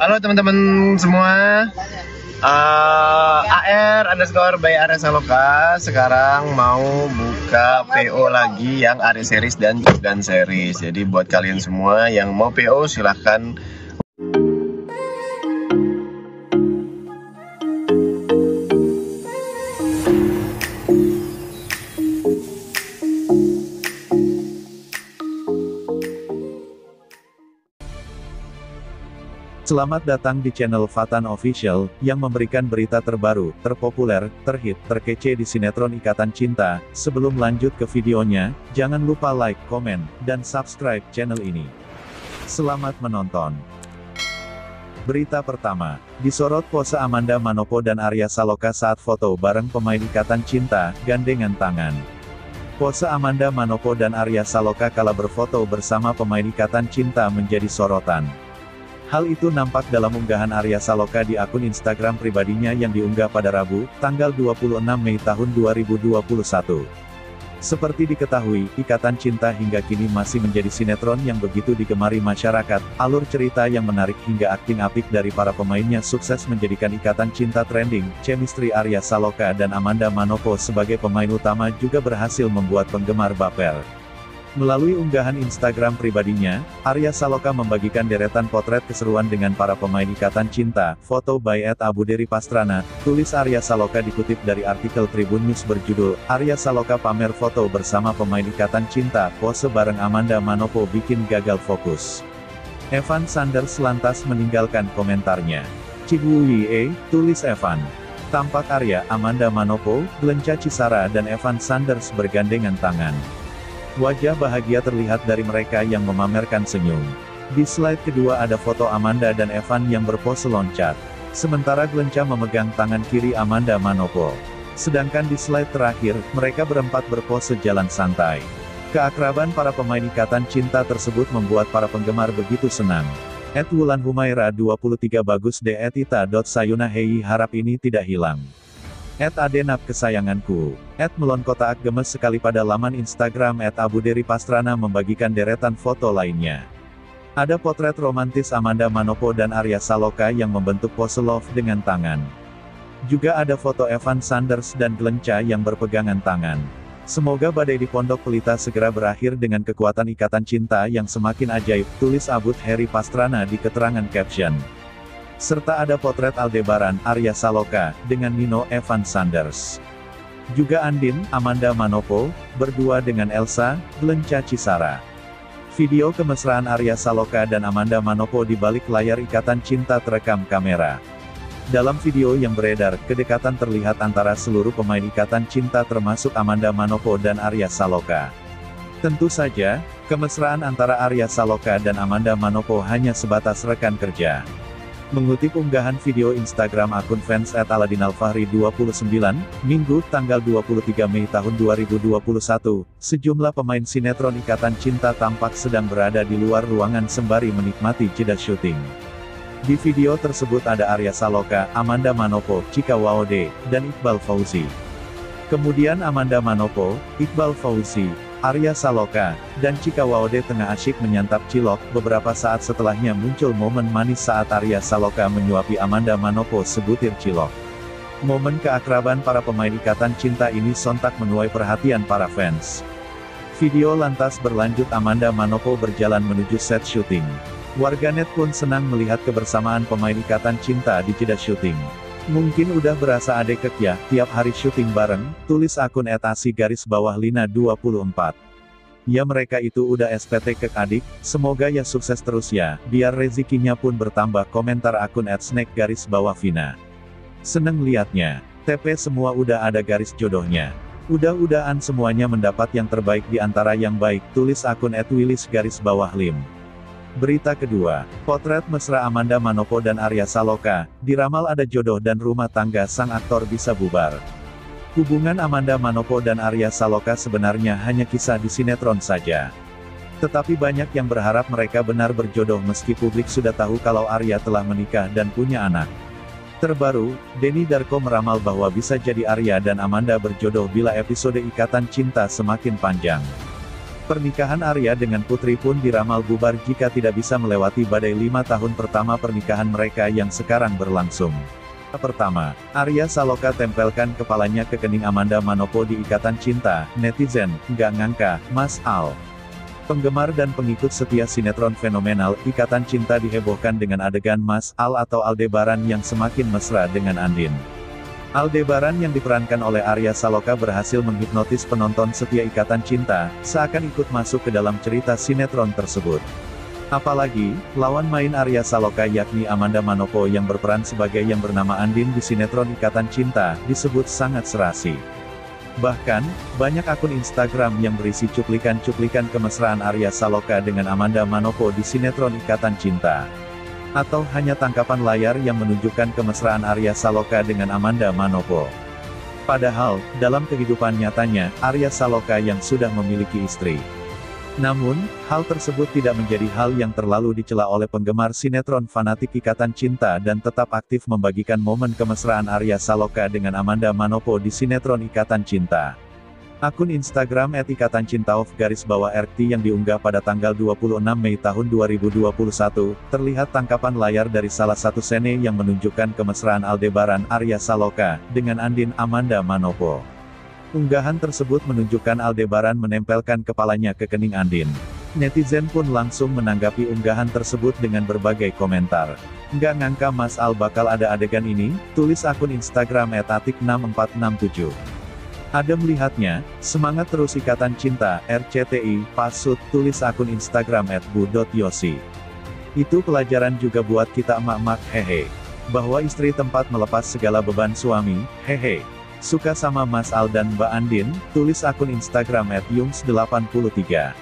Halo teman-teman semua. Uh, eh, AR underscore by Ares Aloka sekarang mau buka PO lagi yang Ares series dan Jordan series. Jadi buat kalian semua yang mau PO silahkan Selamat datang di channel Fatan Official, yang memberikan berita terbaru, terpopuler, terhit, terkece di sinetron Ikatan Cinta. Sebelum lanjut ke videonya, jangan lupa like, komen, dan subscribe channel ini. Selamat menonton. Berita pertama, disorot pose Amanda Manopo dan Arya Saloka saat foto bareng pemain Ikatan Cinta, gandengan tangan. Pose Amanda Manopo dan Arya Saloka kala berfoto bersama pemain Ikatan Cinta menjadi sorotan. Hal itu nampak dalam unggahan Arya Saloka di akun Instagram pribadinya yang diunggah pada Rabu, tanggal 26 Mei tahun 2021. Seperti diketahui, Ikatan Cinta hingga kini masih menjadi sinetron yang begitu digemari masyarakat, alur cerita yang menarik hingga akting apik dari para pemainnya sukses menjadikan Ikatan Cinta trending, chemistry Arya Saloka dan Amanda Manopo sebagai pemain utama juga berhasil membuat penggemar baper. Melalui unggahan Instagram pribadinya, Arya Saloka membagikan deretan potret keseruan dengan para pemain Ikatan Cinta, foto by Ed Abu Deri Pastrana, tulis Arya Saloka dikutip dari artikel Tribun News berjudul, Arya Saloka pamer foto bersama pemain Ikatan Cinta, pose bareng Amanda Manopo bikin gagal fokus. Evan Sanders lantas meninggalkan komentarnya. E, tulis Evan. Tampak Arya, Amanda Manopo, Glenca Cisara dan Evan Sanders bergandengan tangan. Wajah bahagia terlihat dari mereka yang memamerkan senyum. Di slide kedua ada foto Amanda dan Evan yang berpose loncat. Sementara Glenca memegang tangan kiri Amanda Manopo. Sedangkan di slide terakhir, mereka berempat berpose jalan santai. Keakraban para pemain ikatan cinta tersebut membuat para penggemar begitu senang. Ed Wulan Humaira 23 bagus de etita. Sayuna Hei harap ini tidak hilang. Ed Adenap kesayanganku. Ed Melon Kotaak gemes sekali pada laman Instagram Ed Abu Deri Pastrana membagikan deretan foto lainnya. Ada potret romantis Amanda Manopo dan Arya Saloka yang membentuk pose love dengan tangan. Juga ada foto Evan Sanders dan Glenca yang berpegangan tangan. Semoga badai di Pondok Pelita segera berakhir dengan kekuatan ikatan cinta yang semakin ajaib, tulis Abud Heri Pastrana di keterangan caption serta ada potret Aldebaran Arya Saloka, dengan Nino Evan Sanders. Juga Andin, Amanda Manopo, berdua dengan Elsa, Glenca Cisara. Video kemesraan Arya Saloka dan Amanda Manopo di balik layar ikatan cinta terekam kamera. Dalam video yang beredar, kedekatan terlihat antara seluruh pemain ikatan cinta termasuk Amanda Manopo dan Arya Saloka. Tentu saja, kemesraan antara Arya Saloka dan Amanda Manopo hanya sebatas rekan kerja. Mengutip unggahan video Instagram akun fans at Aladin Alfahri 29, Minggu, tanggal 23 Mei tahun 2021, sejumlah pemain sinetron Ikatan Cinta tampak sedang berada di luar ruangan sembari menikmati jeda syuting. Di video tersebut ada Arya Saloka, Amanda Manopo, Chika Waode, dan Iqbal Fauzi. Kemudian Amanda Manopo, Iqbal Fauzi, Arya Saloka, dan Cikawaode tengah asyik menyantap cilok, beberapa saat setelahnya muncul momen manis saat Arya Saloka menyuapi Amanda Manopo sebutir cilok. Momen keakraban para pemain ikatan cinta ini sontak menuai perhatian para fans. Video lantas berlanjut Amanda Manopo berjalan menuju set syuting. Warganet pun senang melihat kebersamaan pemain ikatan cinta di jeda syuting. Mungkin udah berasa kek ya, tiap hari syuting bareng, tulis akun etasi garis bawah Lina 24. Ya mereka itu udah SPT kek adik, semoga ya sukses terus ya, biar rezekinya pun bertambah komentar akun at snack garis bawah Vina. Seneng liatnya, TP semua udah ada garis jodohnya. Udah-udahan semuanya mendapat yang terbaik di antara yang baik, tulis akun at Willis garis bawah Lim. Berita kedua, potret mesra Amanda Manopo dan Arya Saloka, diramal ada jodoh dan rumah tangga sang aktor bisa bubar. Hubungan Amanda Manopo dan Arya Saloka sebenarnya hanya kisah di sinetron saja. Tetapi banyak yang berharap mereka benar berjodoh meski publik sudah tahu kalau Arya telah menikah dan punya anak. Terbaru, Denny Darko meramal bahwa bisa jadi Arya dan Amanda berjodoh bila episode Ikatan Cinta semakin panjang. Pernikahan Arya dengan Putri pun diramal bubar jika tidak bisa melewati badai lima tahun pertama pernikahan mereka yang sekarang berlangsung. Pertama, Arya Saloka tempelkan kepalanya ke kening Amanda Manopo di Ikatan Cinta, netizen, nggak ngangka, Mas Al. Penggemar dan pengikut setia sinetron fenomenal, Ikatan Cinta dihebohkan dengan adegan Mas Al atau Aldebaran yang semakin mesra dengan Andin. Aldebaran yang diperankan oleh Arya Saloka berhasil menghipnotis penonton setia ikatan cinta, seakan ikut masuk ke dalam cerita sinetron tersebut. Apalagi, lawan main Arya Saloka yakni Amanda Manopo yang berperan sebagai yang bernama Andin di sinetron Ikatan Cinta, disebut sangat serasi. Bahkan, banyak akun Instagram yang berisi cuplikan-cuplikan kemesraan Arya Saloka dengan Amanda Manopo di sinetron Ikatan Cinta. Atau hanya tangkapan layar yang menunjukkan kemesraan Arya Saloka dengan Amanda Manopo. Padahal, dalam kehidupan nyatanya, Arya Saloka yang sudah memiliki istri. Namun, hal tersebut tidak menjadi hal yang terlalu dicela oleh penggemar sinetron fanatik Ikatan Cinta dan tetap aktif membagikan momen kemesraan Arya Saloka dengan Amanda Manopo di sinetron Ikatan Cinta. Akun Instagram @ikatancintaof garis bawah RT yang diunggah pada tanggal 26 Mei tahun 2021, terlihat tangkapan layar dari salah satu sene yang menunjukkan kemesraan Aldebaran Arya Saloka, dengan Andin Amanda Manopo. Unggahan tersebut menunjukkan Aldebaran menempelkan kepalanya ke kening Andin. Netizen pun langsung menanggapi unggahan tersebut dengan berbagai komentar. Nggak ngangka Mas Al bakal ada adegan ini, tulis akun Instagram etatik 6467 ada melihatnya, semangat terus ikatan cinta, RCTI, pasut, tulis akun Instagram at bu.yosi. Itu pelajaran juga buat kita emak-emak, hehe. Bahwa istri tempat melepas segala beban suami, hehe. Suka sama Mas Al dan Mbak Andin, tulis akun Instagram at yums83.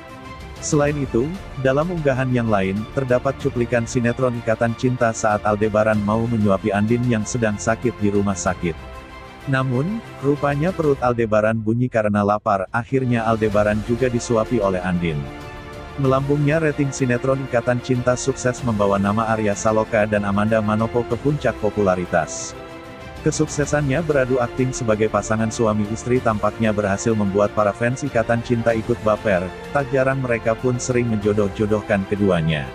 Selain itu, dalam unggahan yang lain, terdapat cuplikan sinetron Ikatan Cinta saat Aldebaran mau menyuapi Andin yang sedang sakit di rumah sakit. Namun, rupanya perut Aldebaran bunyi karena lapar, akhirnya Aldebaran juga disuapi oleh Andin. Melambungnya rating sinetron Ikatan Cinta sukses membawa nama Arya Saloka dan Amanda Manopo ke puncak popularitas. Kesuksesannya beradu akting sebagai pasangan suami istri tampaknya berhasil membuat para fans Ikatan Cinta ikut baper, tak jarang mereka pun sering menjodoh-jodohkan keduanya.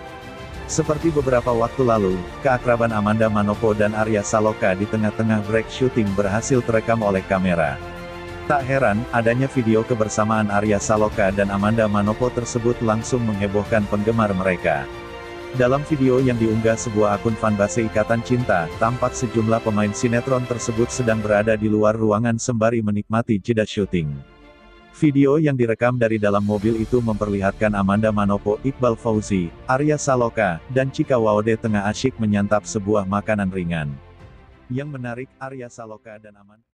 Seperti beberapa waktu lalu, keakraban Amanda Manopo dan Arya Saloka di tengah-tengah break shooting berhasil terekam oleh kamera. Tak heran, adanya video kebersamaan Arya Saloka dan Amanda Manopo tersebut langsung menghebohkan penggemar mereka. Dalam video yang diunggah sebuah akun fanbase Ikatan Cinta, tampak sejumlah pemain sinetron tersebut sedang berada di luar ruangan sembari menikmati jeda syuting. Video yang direkam dari dalam mobil itu memperlihatkan Amanda Manopo, Iqbal Fauzi, Arya Saloka, dan Chika Waode tengah asyik menyantap sebuah makanan ringan. Yang menarik, Arya Saloka dan Amanda